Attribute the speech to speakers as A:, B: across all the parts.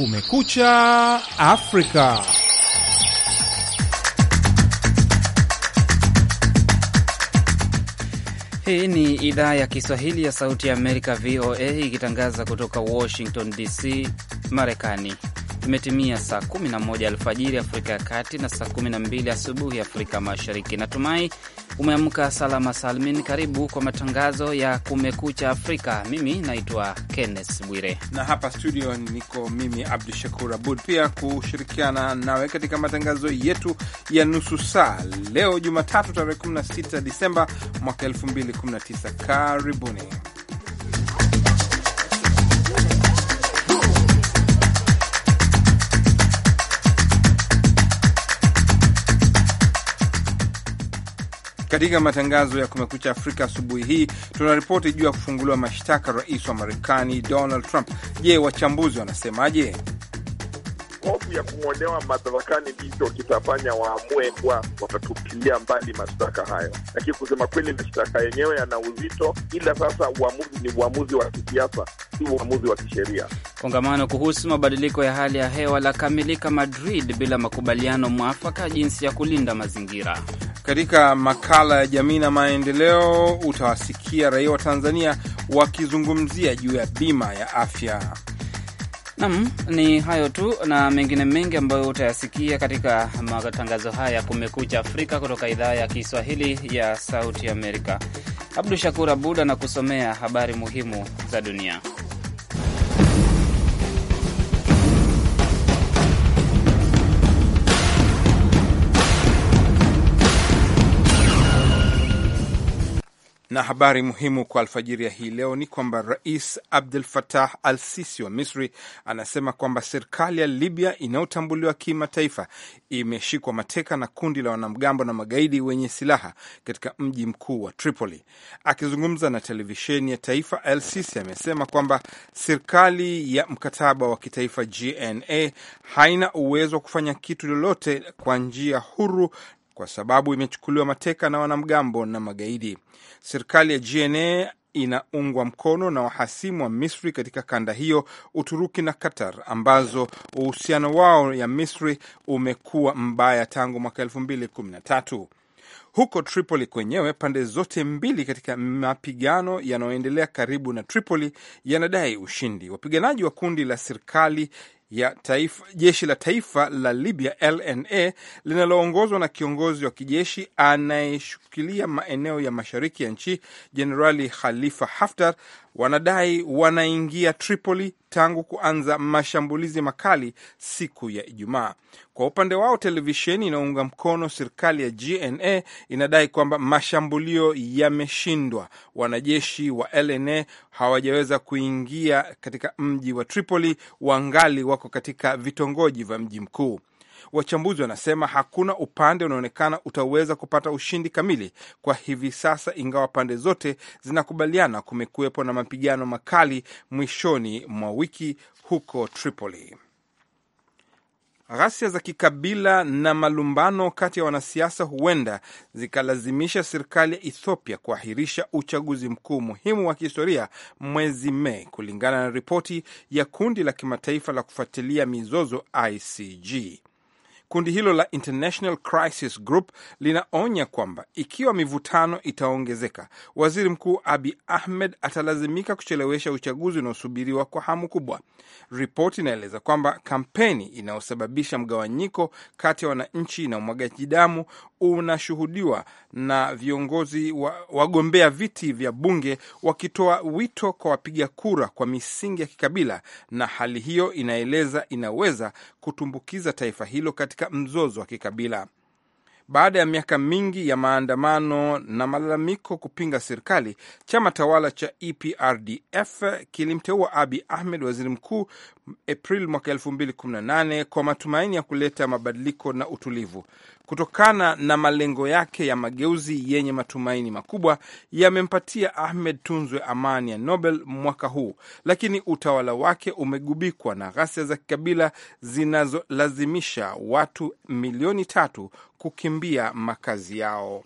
A: Kumekucha Afrika. Hii
B: ni idhaa ya Kiswahili ya Sauti ya Amerika, VOA, ikitangaza kutoka Washington DC, Marekani. Imetimia saa 11 alfajiri Afrika ya Kati na saa 12 asubuhi Afrika Mashariki. Natumai Umeamka salama salmin. Karibu kwa matangazo ya Kumekucha Afrika. Mimi naitwa Kenneth Bwire
A: na hapa studio niko mimi Abdu Shakur Abud, pia kushirikiana nawe katika matangazo yetu ya nusu saa leo Jumatatu tarehe 16 Disemba mwaka 2019. Karibuni. Katika matangazo ya Kumekucha Afrika asubuhi hii tunaripoti juu ya kufunguliwa mashtaka rais wa Marekani Donald Trump. Je, wachambuzi
C: wanasemaje? hofu ya kumwondoa madarakani ndicho kitafanya waamue kuwa watatupilia mbali mashtaka hayo, lakini kusema kweli mashtaka yenyewe yana uzito, ila sasa uamuzi ni uamuzi wa kisiasa, si uamuzi wa kisheria.
B: Kongamano kuhusu mabadiliko ya hali ya hewa la kamilika Madrid bila makubaliano mwafaka
A: jinsi ya kulinda mazingira. Katika makala ya jamii na maendeleo utawasikia raia wa Tanzania wakizungumzia juu ya bima ya afya. Nam,
B: ni hayo tu na mengine mengi ambayo utayasikia katika matangazo haya ya Kumekucha Afrika kutoka idhaa ya Kiswahili ya Sauti Amerika. Abdu Shakur Abud anakusomea habari muhimu za dunia.
A: Na habari muhimu kwa alfajiri ya hii leo ni kwamba Rais abdul fatah al Sisi wa Misri anasema kwamba serikali ya Libya inayotambuliwa kimataifa imeshikwa mateka na kundi la wanamgambo na magaidi wenye silaha katika mji mkuu wa Tripoli. Akizungumza na televisheni ya taifa, al Sisi amesema kwamba serikali ya mkataba wa kitaifa GNA haina uwezo wa kufanya kitu lolote kwa njia huru kwa sababu imechukuliwa mateka na wanamgambo na magaidi. Serikali ya GNA inaungwa mkono na wahasimu wa Misri katika kanda hiyo, Uturuki na Qatar, ambazo uhusiano wao ya Misri umekuwa mbaya tangu mwaka elfu mbili kumi na tatu. Huko Tripoli kwenyewe, pande zote mbili katika mapigano yanayoendelea karibu na Tripoli yanadai ushindi. Wapiganaji wa kundi la serikali ya taifa, jeshi la taifa la Libya LNA linaloongozwa na kiongozi wa kijeshi anayeshukilia maeneo ya mashariki ya nchi Jenerali Khalifa Haftar wanadai wanaingia Tripoli tangu kuanza mashambulizi makali siku ya Ijumaa. Kwa upande wao, televisheni inaunga mkono serikali ya GNA inadai kwamba mashambulio yameshindwa, wanajeshi wa LNA hawajaweza kuingia katika mji wa Tripoli, wangali wa wako katika vitongoji vya mji mkuu. Wachambuzi wanasema hakuna upande unaonekana utaweza kupata ushindi kamili kwa hivi sasa, ingawa pande zote zinakubaliana kumekuwepo na mapigano makali mwishoni mwa wiki huko Tripoli. Ghasia za kikabila na malumbano kati ya wanasiasa huenda zikalazimisha serikali ya Ethiopia kuahirisha uchaguzi mkuu muhimu wa kihistoria mwezi Mei, kulingana na ripoti ya kundi la kimataifa la kufuatilia mizozo ICG. Kundi hilo la International Crisis Group linaonya kwamba ikiwa mivutano itaongezeka, waziri mkuu Abi Ahmed atalazimika kuchelewesha uchaguzi unaosubiriwa kwa hamu kubwa. Ripoti inaeleza kwamba kampeni inayosababisha mgawanyiko kati ya wananchi na umwagaji damu unashuhudiwa na viongozi wa, wagombea viti vya bunge wakitoa wito kwa wapiga kura kwa misingi ya kikabila, na hali hiyo inaeleza inaweza kutumbukiza taifa hilo katika katika mzozo wa kikabila. Baada ya miaka mingi ya maandamano na malalamiko kupinga serikali, chama tawala cha EPRDF kilimteua Abi Ahmed waziri mkuu Aprili mwaka 2018 kwa matumaini ya kuleta mabadiliko na utulivu. Kutokana na malengo yake ya mageuzi yenye matumaini makubwa, yamempatia Ahmed tunzwe amani ya Nobel mwaka huu, lakini utawala wake umegubikwa na ghasia za kikabila zinazolazimisha watu milioni tatu kukimbia makazi yao.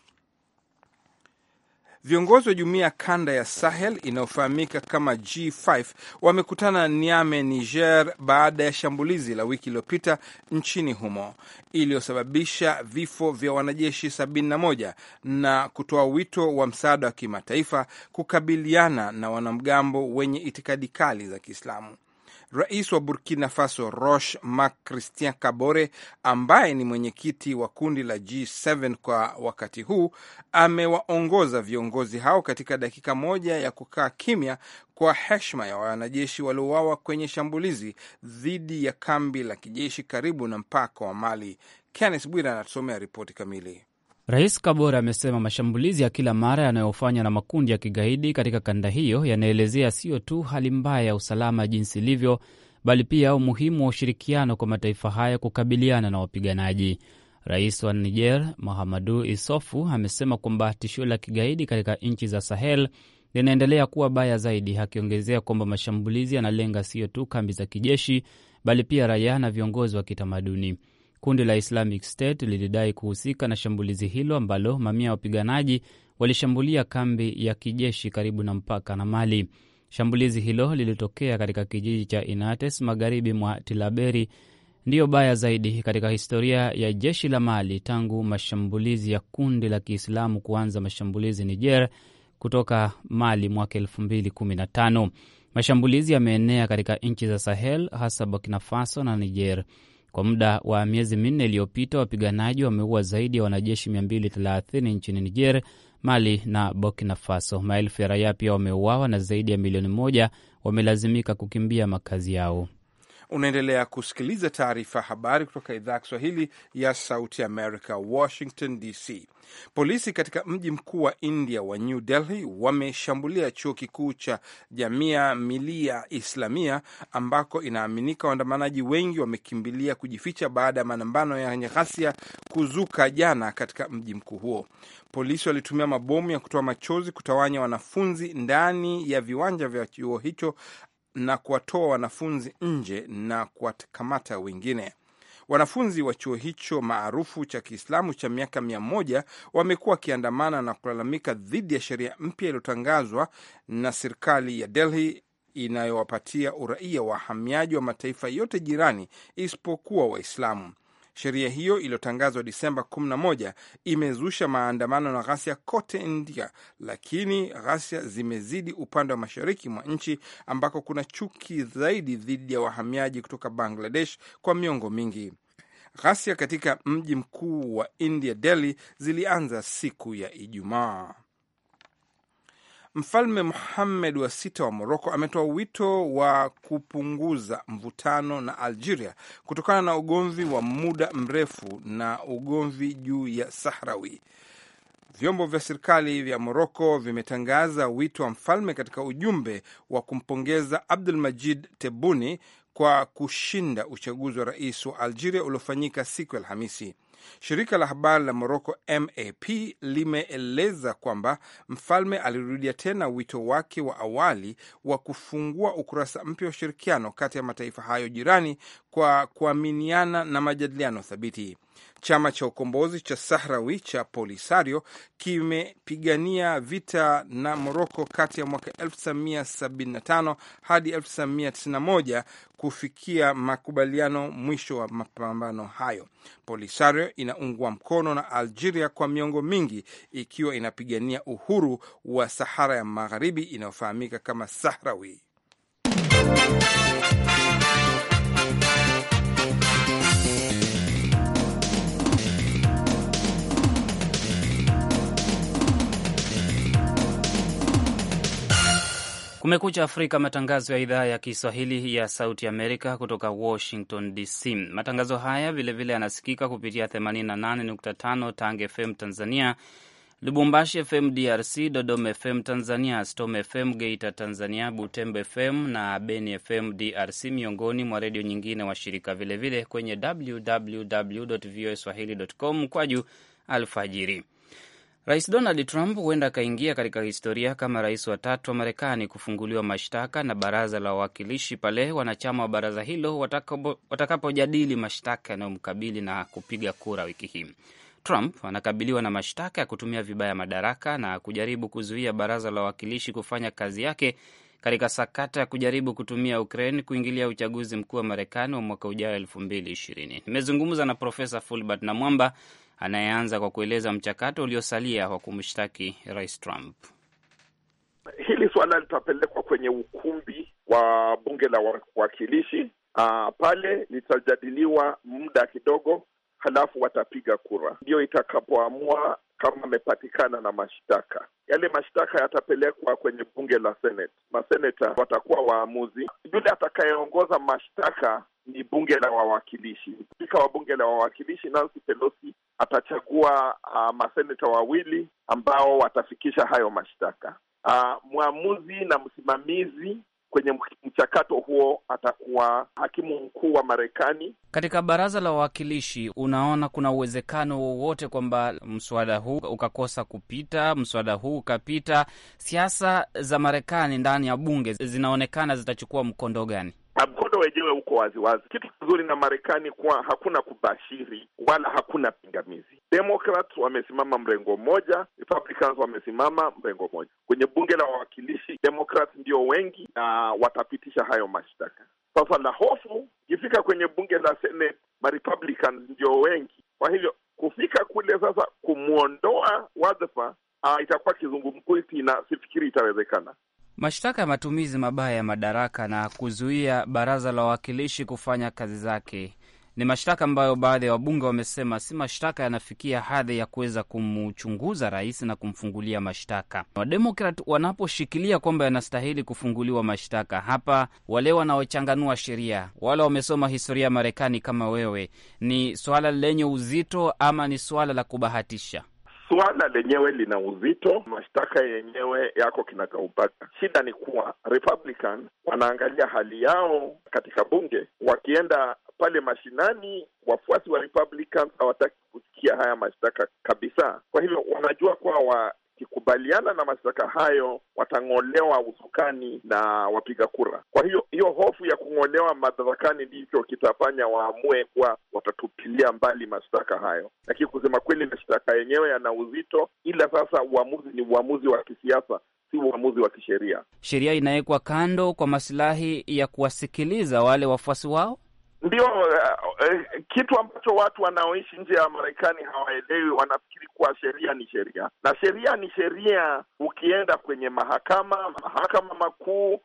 A: Viongozi wa jumuiya kanda ya Sahel inayofahamika kama G5 wamekutana Niame, Niger, baada ya shambulizi la wiki iliyopita nchini humo iliyosababisha vifo vya wanajeshi 71 na kutoa wito wa msaada wa kimataifa kukabiliana na wanamgambo wenye itikadi kali za Kiislamu. Rais wa Burkina Faso Roch Marc Christian Kabore, ambaye ni mwenyekiti wa kundi la G7 kwa wakati huu, amewaongoza viongozi hao katika dakika moja ya kukaa kimya kwa heshima ya wanajeshi waliouawa kwenye shambulizi dhidi ya kambi la kijeshi karibu na mpaka wa Mali. Kennes Bwira anatusomea ripoti kamili.
B: Rais Kabore amesema mashambulizi ya kila mara yanayofanywa na makundi ya kigaidi katika kanda hiyo yanaelezea sio tu hali mbaya ya usalama jinsi ilivyo, bali pia umuhimu wa ushirikiano kwa mataifa haya kukabiliana na wapiganaji. Rais wa Niger Mahamadu Isofu amesema kwamba tishio la kigaidi katika nchi za Sahel linaendelea kuwa baya zaidi, akiongezea kwamba mashambulizi yanalenga sio tu kambi za kijeshi, bali pia raia na viongozi wa kitamaduni. Kundi la Islamic State lilidai kuhusika na shambulizi hilo ambalo mamia ya wapiganaji walishambulia kambi ya kijeshi karibu na mpaka na Mali. Shambulizi hilo lilitokea katika kijiji cha Inates magharibi mwa Tilaberi, ndiyo baya zaidi katika historia ya jeshi la Mali tangu mashambulizi ya kundi la Kiislamu kuanza mashambulizi Niger kutoka Mali mwaka e215 Mashambulizi yameenea katika nchi za Sahel, hasa Burkina Faso na Niger. Kwa muda wa miezi minne iliyopita, wapiganaji wameua zaidi ya wanajeshi 230 nchini Niger, Mali na Burkina Faso. Maelfu ya raia pia wameuawa na zaidi ya milioni moja wamelazimika kukimbia makazi yao.
A: Unaendelea kusikiliza taarifa ya habari kutoka idhaa ya Kiswahili ya Sauti Amerika, Washington DC. Polisi katika mji mkuu wa India wa New Delhi wameshambulia chuo kikuu cha Jamia Milia Islamia ambako inaaminika waandamanaji wengi wamekimbilia kujificha baada ya manambano yenye ghasia kuzuka jana katika mji mkuu huo. Polisi walitumia mabomu ya kutoa machozi kutawanya wanafunzi ndani ya viwanja vya chuo hicho na kuwatoa wanafunzi nje na kuwakamata wengine. Wanafunzi wa chuo hicho maarufu cha Kiislamu cha miaka mia moja wamekuwa wakiandamana na kulalamika dhidi ya sheria mpya iliyotangazwa na serikali ya Delhi inayowapatia uraia wahamiaji wa mataifa yote jirani isipokuwa Waislamu. Sheria hiyo iliyotangazwa Disemba 11 imezusha maandamano na ghasia kote India, lakini ghasia zimezidi upande wa mashariki mwa nchi ambako kuna chuki zaidi dhidi ya wahamiaji kutoka Bangladesh kwa miongo mingi. Ghasia katika mji mkuu wa India, Delhi, zilianza siku ya Ijumaa. Mfalme Muhammed wa sita wa Moroko ametoa wito wa kupunguza mvutano na Algeria kutokana na ugomvi wa muda mrefu na ugomvi juu ya Sahrawi. Vyombo vya serikali vya Moroko vimetangaza wito wa mfalme katika ujumbe wa kumpongeza Abdul Majid Tebuni kwa kushinda uchaguzi wa rais wa Algeria uliofanyika siku ya Alhamisi. Shirika la habari la Moroko MAP limeeleza kwamba mfalme alirudia tena wito wake wa awali wa kufungua ukurasa mpya wa ushirikiano kati ya mataifa hayo jirani kwa kuaminiana na majadiliano thabiti. Chama cha ukombozi cha Sahrawi cha Polisario kimepigania vita na Moroko kati ya mwaka 1975 hadi 1991 kufikia makubaliano mwisho wa mapambano hayo. Polisario inaungwa mkono na Algeria kwa miongo mingi, ikiwa inapigania uhuru wa Sahara ya Magharibi inayofahamika kama Sahrawi.
B: Kumekucha Afrika, matangazo ya idhaa ya Kiswahili ya Sauti Amerika kutoka Washington DC. Matangazo haya vilevile yanasikika kupitia 88.5 Tange FM Tanzania, Lubumbashi FM DRC, Dodoma FM Tanzania, Storm FM Geita Tanzania, Butembo FM na Beni FM DRC, miongoni mwa redio nyingine washirika, vilevile kwenye www voa swahili com mkwaju alfajiri. Rais Donald Trump huenda akaingia katika historia kama rais wa tatu wa Marekani kufunguliwa mashtaka na baraza la wawakilishi pale wanachama wa baraza hilo watakapojadili mashtaka yanayomkabili na kupiga kura wiki hii. Trump anakabiliwa na mashtaka ya kutumia vibaya madaraka na kujaribu kuzuia baraza la wawakilishi kufanya kazi yake katika sakata ya kujaribu kutumia Ukraine kuingilia uchaguzi mkuu wa Marekani wa mwaka ujao elfu mbili ishirini. Nimezungumza na Profesa Fulbert Namwamba anayeanza kwa kueleza mchakato uliosalia wa kumshtaki Rais Trump.
C: Hili suala litapelekwa kwenye ukumbi wa bunge la wawakilishi. Ah, pale litajadiliwa muda kidogo, halafu watapiga kura, ndiyo itakapoamua kama amepatikana na mashtaka. Yale mashtaka yatapelekwa kwenye bunge la Senate. Maseneta watakuwa waamuzi. Yule atakayeongoza mashtaka ni bunge la wawakilishi, spika wa bunge la wawakilishi Nancy Pelosi atachagua uh, maseneta wawili ambao watafikisha hayo mashtaka. Uh, mwamuzi na msimamizi kwenye mchakato huo atakuwa hakimu mkuu wa Marekani.
B: Katika baraza la wawakilishi, unaona kuna uwezekano wowote kwamba mswada huu ukakosa kupita, mswada huu ukapita? Siasa za Marekani ndani ya bunge zinaonekana zitachukua mkondo gani? na
C: mkondo wenyewe uko waziwazi. Kitu kizuri na Marekani kuwa hakuna kubashiri wala hakuna pingamizi. Democrats wamesimama mrengo mmoja, Republicans wamesimama mrengo mmoja. Kwenye bunge la wawakilishi Democrats ndio wengi na watapitisha hayo mashtaka. Sasa la hofu ikifika kwenye bunge la Senate, Marepublicans ndio wengi, kwa hivyo kufika kule sasa kumwondoa wadhifa, ah, itakuwa kizungumkuti na sifikiri itawezekana
B: mashtaka ya matumizi mabaya ya madaraka na kuzuia baraza la wawakilishi kufanya kazi zake ni mashtaka ambayo baadhi ya wabunge wamesema si mashtaka yanafikia hadhi ya kuweza kumchunguza rais na kumfungulia mashtaka. Wademokrat wanaposhikilia kwamba yanastahili kufunguliwa mashtaka, hapa wale wanaochanganua sheria, wale wamesoma historia ya Marekani kama wewe, ni swala lenye uzito ama ni swala la kubahatisha?
C: Suala lenyewe lina uzito, mashtaka yenyewe yako kinagaubaga. Shida ni kuwa Republican wanaangalia hali yao katika bunge, wakienda pale mashinani, wafuasi wa Republicans hawataki kusikia haya mashtaka kabisa. Kwa hivyo wanajua kuwa wa wakikubaliana na mashtaka hayo watang'olewa usukani na wapiga kura. Kwa hiyo hiyo hofu ya kung'olewa madarakani ndicho kitafanya waamue kuwa watatupilia mbali mashtaka hayo, lakini kusema kweli mashtaka yenyewe yana uzito, ila sasa uamuzi ni uamuzi wa kisiasa si uamuzi wa kisheria.
B: Sheria inawekwa kando kwa masilahi ya kuwasikiliza wale wafuasi
C: wao. Ndio uh, kitu ambacho watu wanaoishi nje ya Marekani hawaelewi. Wanafikiri kuwa sheria ni sheria, na sheria ni sheria. Ukienda kwenye mahakama, mahakama makuu,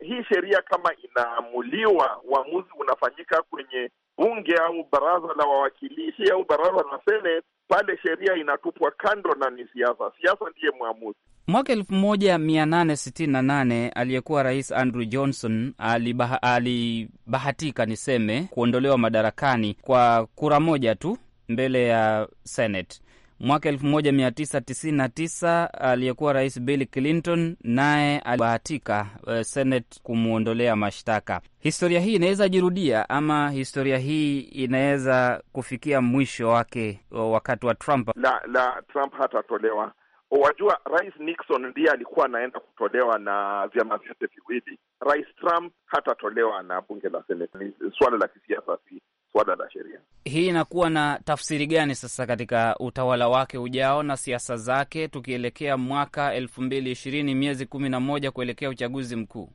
C: hii sheria kama inaamuliwa, uamuzi unafanyika kwenye bunge au baraza la wawakilishi au baraza la Senate, pale sheria inatupwa kando na ni siasa. Siasa ndiye mwamuzi.
B: Mwaka 1868 aliyekuwa rais Andrew Johnson alibaha, alibahatika niseme kuondolewa madarakani kwa kura moja tu mbele ya Senate. Mwaka 1999 aliyekuwa rais Bill Clinton naye alibahatika uh, Senate kumwondolea mashtaka. Historia hii inaweza jirudia ama historia hii inaweza kufikia mwisho wake wakati wa Trump.
C: La, la Trump hatatolewa Wajua, Rais Nixon ndiye alikuwa anaenda kutolewa na vyama vyote viwili. Rais Trump hatatolewa na bunge la Seneti. Ni suala la kisiasa, si suala
B: la sheria. Hii inakuwa na tafsiri gani sasa katika utawala wake ujao na siasa zake, tukielekea mwaka elfu mbili ishirini, miezi kumi na moja kuelekea uchaguzi mkuu?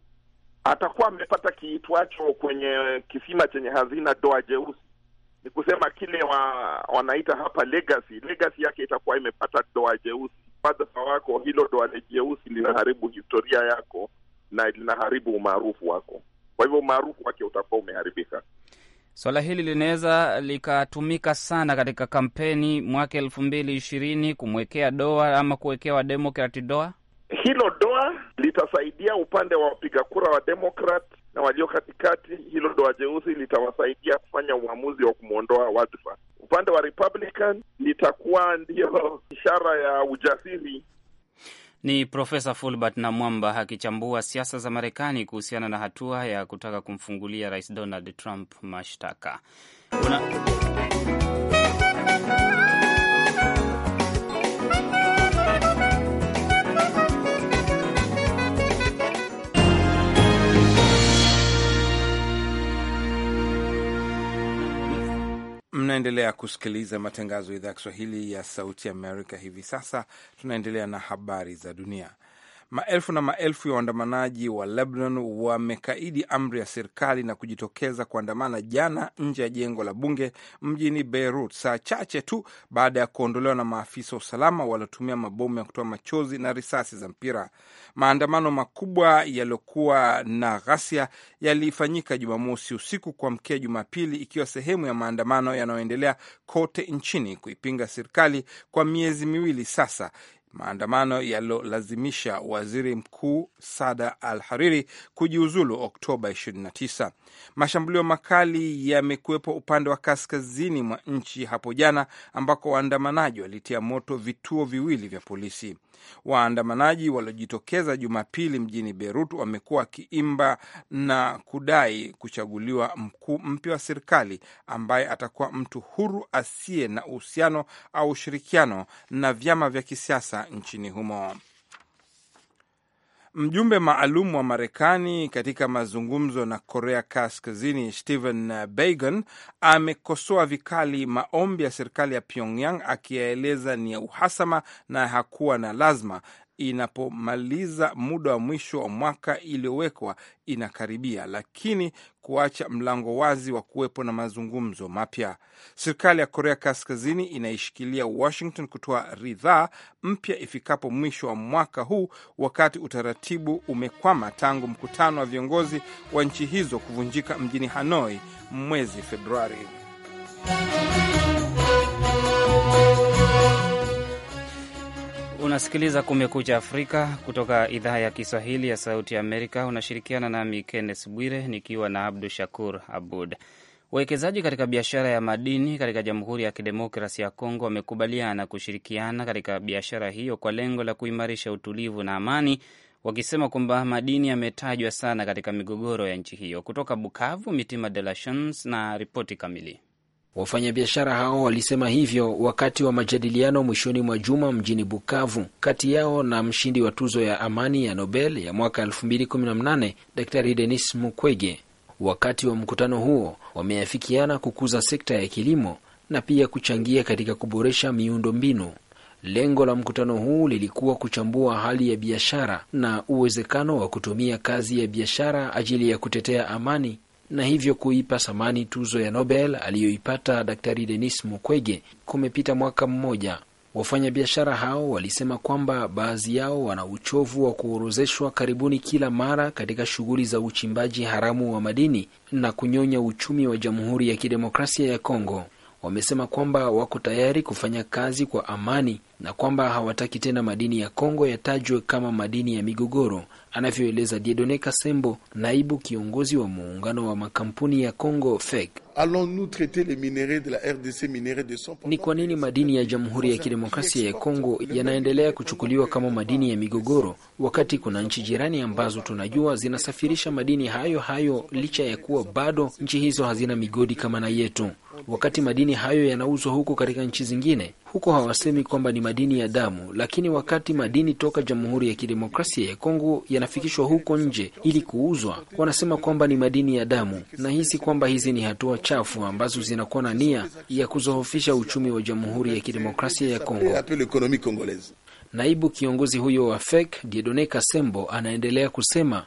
C: Atakuwa amepata kiitwacho kwenye kisima chenye hazina doa jeusi ni kusema kile wa, wanaita hapa legacy. Legacy yake itakuwa imepata doa jeusi wadhifa wako, hilo doa jeusi linaharibu historia yako na linaharibu umaarufu wako. Kwa hivyo umaarufu wake utakuwa umeharibika.
B: Swala hili linaweza likatumika sana katika kampeni mwaka elfu mbili ishirini kumwekea doa ama kuwekea wademokrati doa. Hilo
C: doa litasaidia upande wa wapiga kura wa Demokrat na walio katikati, hilo doa jeusi litawasaidia kufanya uamuzi wa kumwondoa wadhifa. Upande wa Republican litakuwa ndiyo ishara ya ujasiri.
B: Ni Profesa Fulbert Namwamba akichambua siasa za Marekani kuhusiana na hatua ya kutaka kumfungulia Rais Donald Trump mashtaka Una...
A: Mnaendelea kusikiliza matangazo ya idhaa ya Kiswahili ya Sauti Amerika. Hivi sasa tunaendelea na habari za dunia. Maelfu na maelfu ya waandamanaji wa Lebanon wamekaidi amri ya serikali na kujitokeza kuandamana jana nje ya jengo la bunge mjini Beirut, saa chache tu baada ya kuondolewa na maafisa wa usalama waliotumia mabomu ya kutoa machozi na risasi za mpira. Maandamano makubwa yaliyokuwa na ghasia yalifanyika Jumamosi usiku kuamkia Jumapili, ikiwa sehemu ya maandamano yanayoendelea kote nchini kuipinga serikali kwa miezi miwili sasa maandamano yaliyolazimisha waziri mkuu Sada Al Hariri kujiuzulu Oktoba 29. Mashambulio makali yamekuwepo upande wa kaskazini mwa nchi hapo jana, ambako waandamanaji walitia moto vituo viwili vya polisi. Waandamanaji waliojitokeza Jumapili mjini Beirut wamekuwa wakiimba na kudai kuchaguliwa mkuu mpya wa serikali ambaye atakuwa mtu huru asiye na uhusiano au ushirikiano na vyama vya kisiasa nchini humo. Mjumbe maalum wa Marekani katika mazungumzo na Korea Kaskazini Stephen Biegun amekosoa vikali maombi ya serikali ya Pyongyang akiyaeleza ni ya uhasama na hakuwa na lazima, inapomaliza muda wa mwisho wa mwaka iliyowekwa inakaribia, lakini kuacha mlango wazi wa kuwepo na mazungumzo mapya. Serikali ya Korea Kaskazini inaishikilia Washington kutoa ridhaa mpya ifikapo mwisho wa mwaka huu, wakati utaratibu umekwama tangu mkutano wa viongozi wa nchi hizo kuvunjika mjini Hanoi mwezi Februari.
B: Unasikiliza Kumekucha Afrika kutoka idhaa ya Kiswahili ya Sauti Amerika. Unashirikiana nami Kennes Bwire nikiwa na Abdu Shakur Abud. Wawekezaji katika biashara ya madini katika Jamhuri ya Kidemokrasi ya Kongo wamekubaliana kushirikiana katika biashara hiyo kwa lengo la kuimarisha utulivu na amani, wakisema kwamba madini yametajwa sana katika migogoro ya nchi hiyo. Kutoka Bukavu, Mitima De La na ripoti kamili.
D: Wafanyabiashara hao walisema hivyo wakati wa majadiliano mwishoni mwa juma mjini Bukavu, kati yao na mshindi wa tuzo ya amani ya Nobel ya mwaka 2018 Daktari Denis Mukwege. Wakati wa mkutano huo wameafikiana kukuza sekta ya kilimo na pia kuchangia katika kuboresha miundo mbinu. Lengo la mkutano huu lilikuwa kuchambua hali ya biashara na uwezekano wa kutumia kazi ya biashara ajili ya kutetea amani na hivyo kuipa thamani tuzo ya Nobel aliyoipata Daktari Denis Mukwege. Kumepita mwaka mmoja, wafanyabiashara hao walisema kwamba baadhi yao wana uchovu wa kuorozeshwa karibuni kila mara katika shughuli za uchimbaji haramu wa madini na kunyonya uchumi wa Jamhuri ya Kidemokrasia ya Kongo wamesema kwamba wako tayari kufanya kazi kwa amani na kwamba hawataki tena madini ya Kongo yatajwe kama madini ya migogoro, anavyoeleza Diedone Kasembo, naibu kiongozi wa muungano wa makampuni ya Kongo FEC. Ni kwa nini madini ya Jamhuri ya Kidemokrasia ya Kongo yanaendelea kuchukuliwa kama madini ya migogoro wakati kuna nchi jirani ambazo tunajua zinasafirisha madini hayo hayo licha ya kuwa bado nchi hizo hazina migodi kama na yetu? Wakati madini hayo yanauzwa huko katika nchi zingine, huko hawasemi kwamba ni madini ya damu, lakini wakati madini toka Jamhuri ya Kidemokrasia ya Kongo yanafikishwa huko nje ili kuuzwa, wanasema kwamba ni madini ya damu. Nahisi kwamba hizi ni hatua chafu ambazo zinakuwa na nia ya kuzohofisha uchumi wa Jamhuri ya Kidemokrasia ya Kongo. Naibu kiongozi huyo wa FEK Diedone Kasembo anaendelea kusema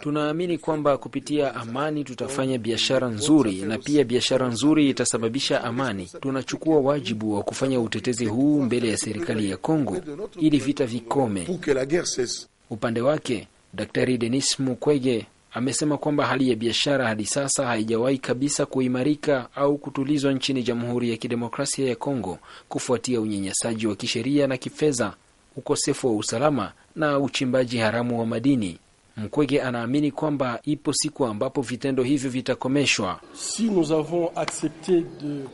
D: tunaamini kwamba kupitia amani tutafanya biashara nzuri, na pia biashara nzuri itasababisha amani. Tunachukua wajibu wa kufanya utetezi huu mbele ya serikali ya Kongo ili vita vikome. Upande wake Daktari Denis Mukwege amesema kwamba hali ya biashara hadi sasa haijawahi kabisa kuimarika au kutulizwa nchini Jamhuri ya Kidemokrasia ya Kongo kufuatia unyanyasaji wa kisheria na kifedha, ukosefu wa usalama na uchimbaji haramu wa madini. Mkwege anaamini kwamba ipo siku ambapo vitendo hivyo vitakomeshwa. si nous avons accepte de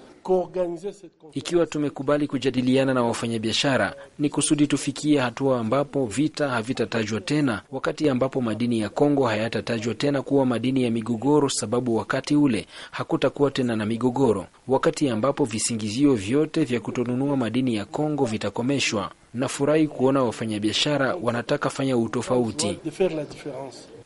D: ikiwa tumekubali kujadiliana na wafanyabiashara, ni kusudi tufikie hatua ambapo vita havitatajwa tena, wakati ambapo madini ya Kongo hayatatajwa tena kuwa madini ya migogoro, sababu wakati ule hakutakuwa tena na migogoro, wakati ambapo visingizio vyote vya kutonunua madini ya Kongo vitakomeshwa. Nafurahi kuona wafanyabiashara wanataka fanya utofauti.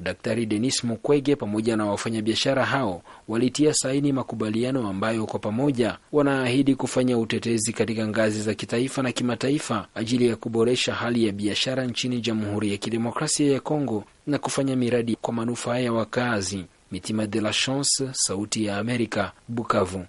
D: Daktari Denis Mukwege pamoja na wafanyabiashara hao walitia saini makubaliano ambayo kwa pamoja wanaahidi kufanya utetezi katika ngazi za kitaifa na kimataifa ajili ya kuboresha hali ya biashara nchini Jamhuri ya Kidemokrasia ya Kongo na kufanya miradi kwa manufaa ya wakazi. Mitima de la Chance, Sauti ya Amerika, Bukavu.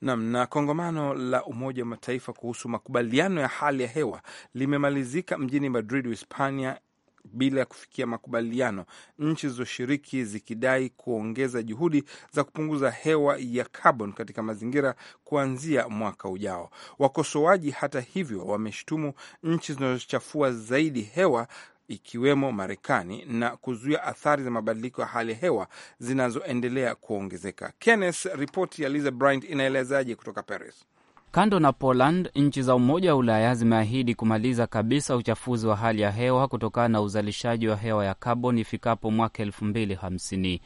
A: Nam na kongamano la Umoja wa Mataifa kuhusu makubaliano ya hali ya hewa limemalizika mjini Madrid, Uhispania bila ya kufikia makubaliano, nchi zilizoshiriki zikidai kuongeza juhudi za kupunguza hewa ya kaboni katika mazingira kuanzia mwaka ujao. Wakosoaji hata hivyo wameshutumu nchi zinazochafua zaidi hewa ikiwemo Marekani na kuzuia athari za mabadiliko ya hali ya hewa zinazoendelea kuongezeka. Kenneth, ripoti ya Lisa Bryant inaelezaje kutoka Paris?
B: Kando na Poland, nchi za Umoja wa Ulaya zimeahidi kumaliza kabisa uchafuzi wa hali ya hewa kutokana na uzalishaji wa hewa ya kaboni ifikapo mwaka elfu mbili hamsini.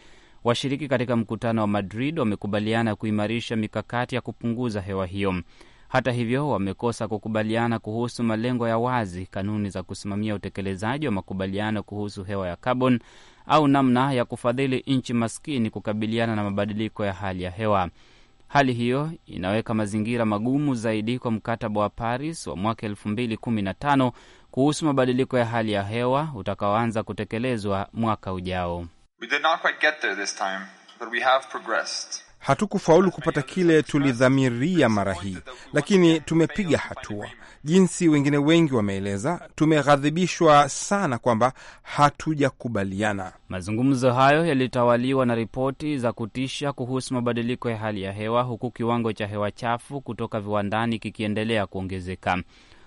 B: Washiriki katika mkutano wa Madrid wamekubaliana kuimarisha mikakati ya kupunguza hewa hiyo. Hata hivyo, wamekosa kukubaliana kuhusu malengo ya wazi, kanuni za kusimamia utekelezaji wa makubaliano kuhusu hewa ya kaboni au namna ya kufadhili nchi maskini kukabiliana na mabadiliko ya hali ya hewa. Hali hiyo inaweka mazingira magumu zaidi kwa mkataba wa Paris wa mwaka 2015 kuhusu mabadiliko ya hali ya hewa utakaoanza kutekelezwa mwaka ujao.
A: We did not quite get there this time, but we
C: have progressed.
A: Hatukufaulu kupata kile tulidhamiria mara hii, lakini tumepiga hatua. Jinsi wengine wengi wameeleza, tumeghadhibishwa sana kwamba hatujakubaliana. Mazungumzo hayo yalitawaliwa na ripoti za
B: kutisha kuhusu mabadiliko ya hali ya hewa, huku kiwango cha hewa chafu kutoka viwandani kikiendelea kuongezeka.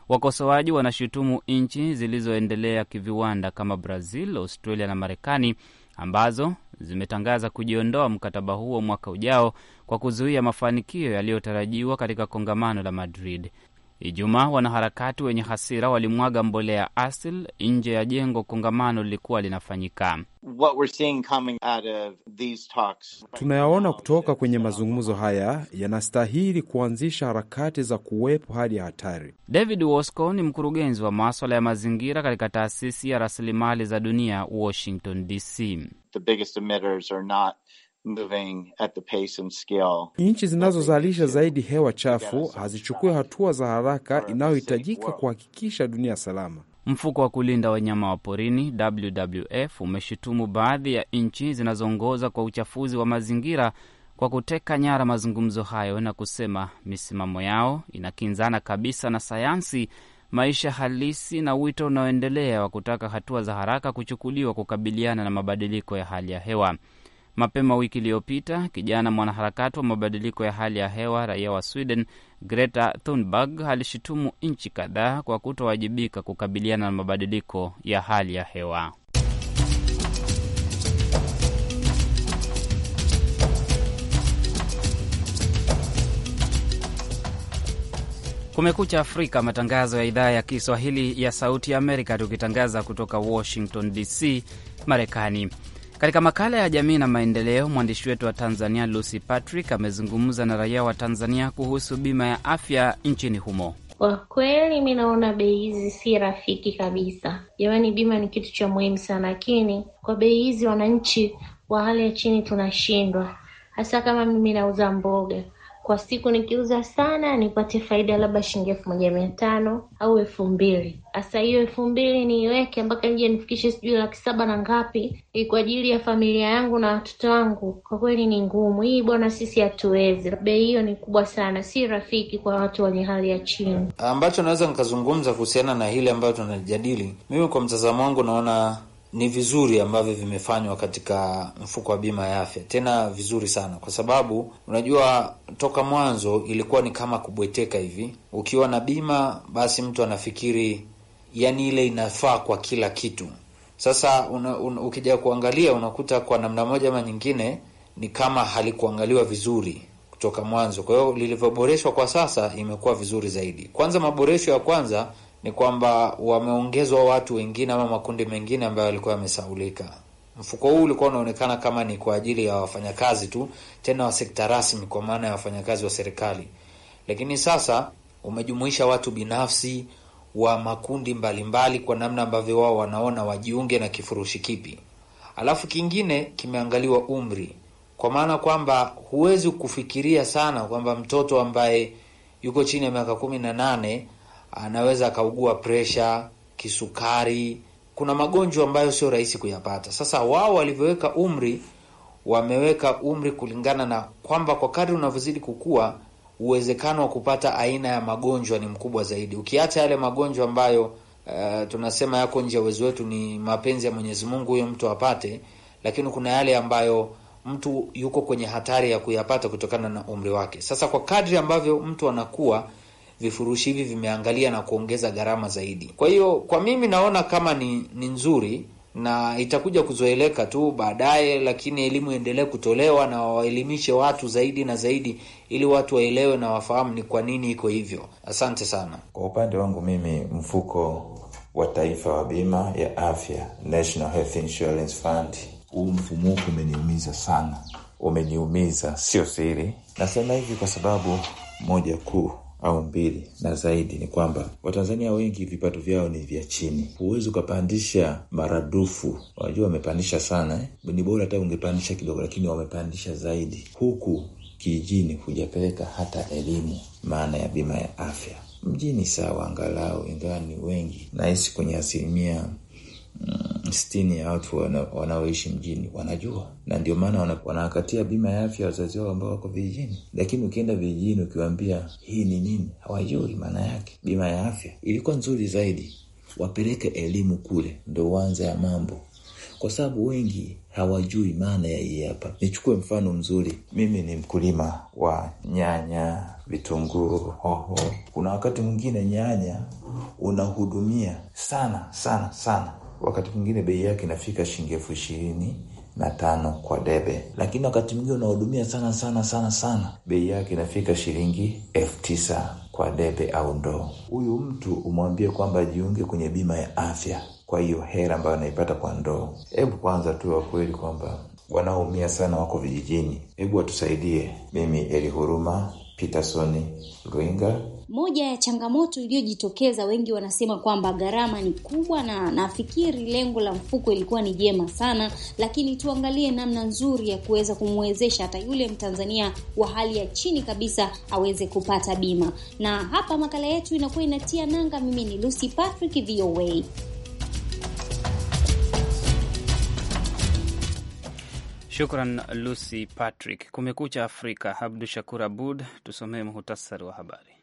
B: Wakosoaji wanashutumu nchi zilizoendelea kiviwanda kama Brazil, Australia na Marekani ambazo zimetangaza kujiondoa mkataba huo mwaka ujao kwa kuzuia mafanikio yaliyotarajiwa katika kongamano la Madrid. Ijumaa, wanaharakati wenye hasira walimwaga mbolea asil nje ya jengo kongamano lilikuwa linafanyika.
A: Tunayaona kutoka kwenye mazungumzo haya yanastahili kuanzisha harakati za kuwepo hali ya hatari.
B: David Wosco ni mkurugenzi wa maswala ya mazingira katika taasisi ya rasilimali za dunia Washington DC. The biggest emitters are not
A: Nchi zinazozalisha zaidi hewa chafu hazichukui hatua za haraka inayohitajika kuhakikisha dunia salama.
B: Mfuko wa kulinda wanyama wa porini WWF umeshutumu baadhi ya nchi zinazoongoza kwa uchafuzi wa mazingira kwa kuteka nyara mazungumzo hayo na kusema misimamo yao inakinzana kabisa na sayansi, maisha halisi na wito unaoendelea wa kutaka hatua za haraka kuchukuliwa kukabiliana na mabadiliko ya hali ya hewa. Mapema wiki iliyopita, kijana mwanaharakati wa mabadiliko ya hali ya hewa, raia wa Sweden, Greta Thunberg, alishutumu nchi kadhaa kwa kutowajibika kukabiliana na mabadiliko ya hali ya hewa. Kumekucha Afrika, matangazo ya idhaa ya Kiswahili ya Sauti ya Amerika, tukitangaza kutoka Washington DC, Marekani. Katika makala ya jamii na maendeleo, mwandishi wetu wa Tanzania Lucy Patrick amezungumza na raia wa Tanzania kuhusu bima ya afya nchini humo.
C: Kwa kweli mi naona bei hizi si rafiki kabisa. Jamani, bima ni kitu cha muhimu sana, lakini kwa bei hizi wananchi wa hali ya chini tunashindwa, hasa kama mimi nauza mboga kwa siku nikiuza sana nipate faida labda shilingi elfu moja mia tano au elfu mbili Hasa hiyo elfu mbili niiweke mpaka nje nifikishe sijui laki saba na ngapi, kwa ajili ya familia yangu na watoto wangu. Kwa kweli ni ngumu hii bwana, sisi hatuwezi. Bei hiyo ni kubwa sana, si rafiki kwa watu wenye hali ya chini.
E: Ambacho naweza nikazungumza kuhusiana na hili ambayo tunajadili, mimi kwa mtazamo wangu naona ni vizuri ambavyo vimefanywa katika mfuko wa bima ya afya, tena vizuri sana, kwa sababu unajua toka mwanzo ilikuwa ni kama kubweteka hivi. Ukiwa na bima, basi mtu anafikiri yani ile inafaa kwa kila kitu. Sasa una, un, ukija kuangalia unakuta kwa namna moja ama nyingine ni kama halikuangaliwa vizuri kutoka mwanzo. Kwa hiyo lilivyoboreshwa kwa sasa imekuwa vizuri zaidi. Kwanza maboresho ya kwanza ni kwamba wameongezwa watu wengine ama makundi mengine ambayo yalikuwa yamesaulika. Mfuko huu ulikuwa unaonekana kama ni kwa ajili ya wafanyakazi tu, tena wa sekta rasmi, kwa maana ya wafanyakazi wa serikali, lakini sasa umejumuisha watu binafsi wa makundi mbalimbali mbali, kwa namna ambavyo wao wanaona wajiunge na kifurushi kipi. Alafu kingine kimeangaliwa umri, kwa maana kwamba huwezi kufikiria sana kwamba mtoto ambaye yuko chini ya miaka kumi na nane anaweza akaugua presha, kisukari. Kuna magonjwa ambayo sio rahisi kuyapata. Sasa wao walivyoweka umri, wameweka umri kulingana na kwamba kwa kadri unavyozidi kukua uwezekano wa kupata aina ya magonjwa ni mkubwa zaidi, ukiacha yale magonjwa ambayo uh, tunasema yako nje ya uwezo wetu, ni mapenzi ya Mwenyezi Mungu huyo mtu apate, lakini kuna yale ambayo mtu yuko kwenye hatari ya kuyapata kutokana na umri wake. Sasa kwa kadri ambavyo mtu anakuwa vifurushi hivi vimeangalia na kuongeza gharama zaidi. Kwa hiyo kwa mimi naona kama ni, ni nzuri na itakuja kuzoeleka tu baadaye, lakini elimu iendelee kutolewa na waelimishe watu zaidi na zaidi, ili watu waelewe na wafahamu ni kwa nini iko hivyo. Asante sana.
F: Kwa upande wangu mimi, mfuko wa taifa wa bima ya afya, National Health Insurance Fund, huu mfumuko umeniumiza sana, umeniumiza, sio siri. Nasema hivi kwa sababu moja kuu au mbili na zaidi, ni kwamba Watanzania wengi vipato vyao ni vya chini. Huwezi ukapandisha maradufu, wajua wamepandisha sana eh? Ni bora hata ungepandisha kidogo, lakini wamepandisha zaidi. Huku kijijini hujapeleka hata elimu, maana ya bima ya afya. Mjini sawa, angalau, ingawa ni wengi, nahisi kwenye asilimia Mm, sitini ya watu wanaoishi mjini wanajua, na ndio maana wanawakatia bima ya afya wazazi wao ambao wako vijijini. Lakini ukienda vijijini, ukiwaambia hii ni nini, hawajui maana yake. Bima ya afya ilikuwa nzuri zaidi, wapeleke elimu kule, ndo uanze ya mambo, kwa sababu wengi hawajui maana ya hii hapa. Nichukue mfano mzuri, mimi ni mkulima wa nyanya, vitunguu, hoho. Kuna wakati mwingine nyanya unahudumia sana sana sana wakati mwingine bei yake inafika shilingi elfu ishirini na tano kwa debe, lakini wakati mwingine unahudumia sana sana sana sana, bei yake inafika shilingi elfu tisa kwa debe au ndoo. Huyu mtu umwambie kwamba ajiunge kwenye bima ya afya kwa hiyo hela ambayo anaipata kwa ndoo. Hebu kwanza tuwe wa kweli kwamba wanaoumia sana wako vijijini. Hebu watusaidie. Mimi Eli Huruma Peterson Luinga
B: moja ya changamoto iliyojitokeza, wengi wanasema kwamba gharama ni kubwa, na nafikiri lengo la mfuko ilikuwa ni jema sana, lakini tuangalie namna nzuri ya kuweza kumwezesha hata yule Mtanzania wa hali ya chini kabisa aweze kupata bima. Na hapa makala yetu inakuwa inatia nanga. Mimi ni Lucy Patrick, VOA. Shukran Lucy Patrick. Kumekucha Afrika. Abdu Shakur Abud tusomee muhutasari wa habari.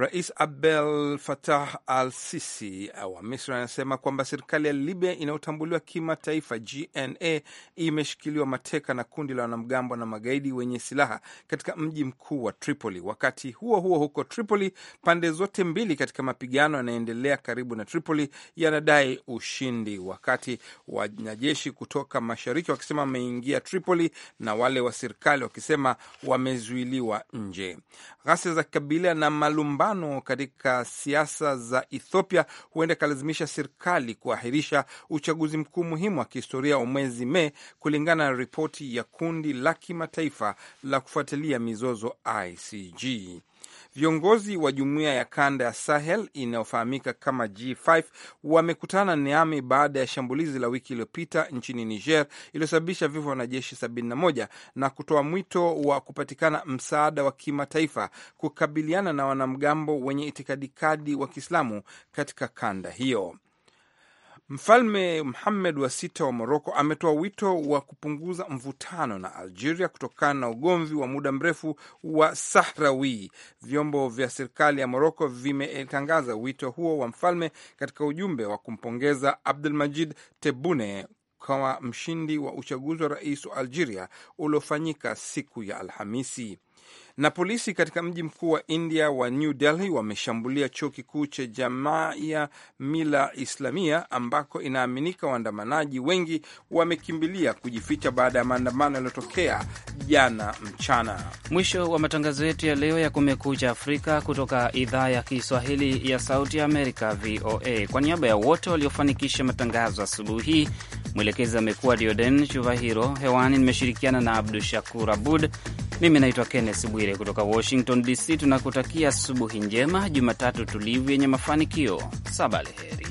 A: Rais Abdel Fattah al-Sisi wa Misri anasema kwamba serikali ya Libya inayotambuliwa kimataifa GNA imeshikiliwa mateka na kundi la wanamgambo na magaidi wenye silaha katika mji mkuu wa Tripoli. Wakati huo huo, huko Tripoli, pande zote mbili katika mapigano yanayoendelea karibu na Tripoli yanadai ushindi, wakati wanajeshi kutoka mashariki wakisema wameingia Tripoli na wale wa serikali wakisema wamezuiliwa nje. Ghasia za kabila na malumba mvutano katika siasa za Ethiopia huenda ikalazimisha serikali kuahirisha uchaguzi mkuu muhimu wa kihistoria wa mwezi Mei, kulingana na ripoti ya kundi la kimataifa la kufuatilia mizozo ICG. Viongozi wa jumuiya ya kanda ya Sahel inayofahamika kama G5 wamekutana Niami baada ya shambulizi la wiki iliyopita nchini Niger iliyosababisha vifo vya wanajeshi 71 na kutoa mwito wa kupatikana msaada wa kimataifa kukabiliana na wanamgambo wenye itikadi wa Kiislamu katika kanda hiyo. Mfalme Muhamed wa sita wa Moroko ametoa wito wa kupunguza mvutano na Algeria kutokana na ugomvi wa muda mrefu wa Sahrawi. Vyombo vya serikali ya Moroko vimetangaza wito huo wa mfalme katika ujumbe wa kumpongeza Majid tebune kama mshindi wa uchaguzi wa rais wa Algeria uliofanyika siku ya Alhamisi. Na polisi katika mji mkuu wa India wa New Delhi wameshambulia chuo kikuu cha Jamia Mila Islamia ambako inaaminika waandamanaji wengi wamekimbilia kujificha baada ya maandamano yaliyotokea jana mchana.
B: Mwisho wa matangazo yetu ya leo ya Kumekucha Afrika kutoka idhaa ya Kiswahili ya Sauti ya Amerika, VOA. Kwa niaba ya wote waliofanikisha matangazo asubuhi hii, mwelekezi amekuwa Dioden Chuvahiro. Hewani nimeshirikiana na Abdu Shakur Abud. Mimi naitwa Ken Kenneth Bwire kutoka Washington DC. Tunakutakia asubuhi njema, Jumatatu tulivu yenye mafanikio. Sabalheri.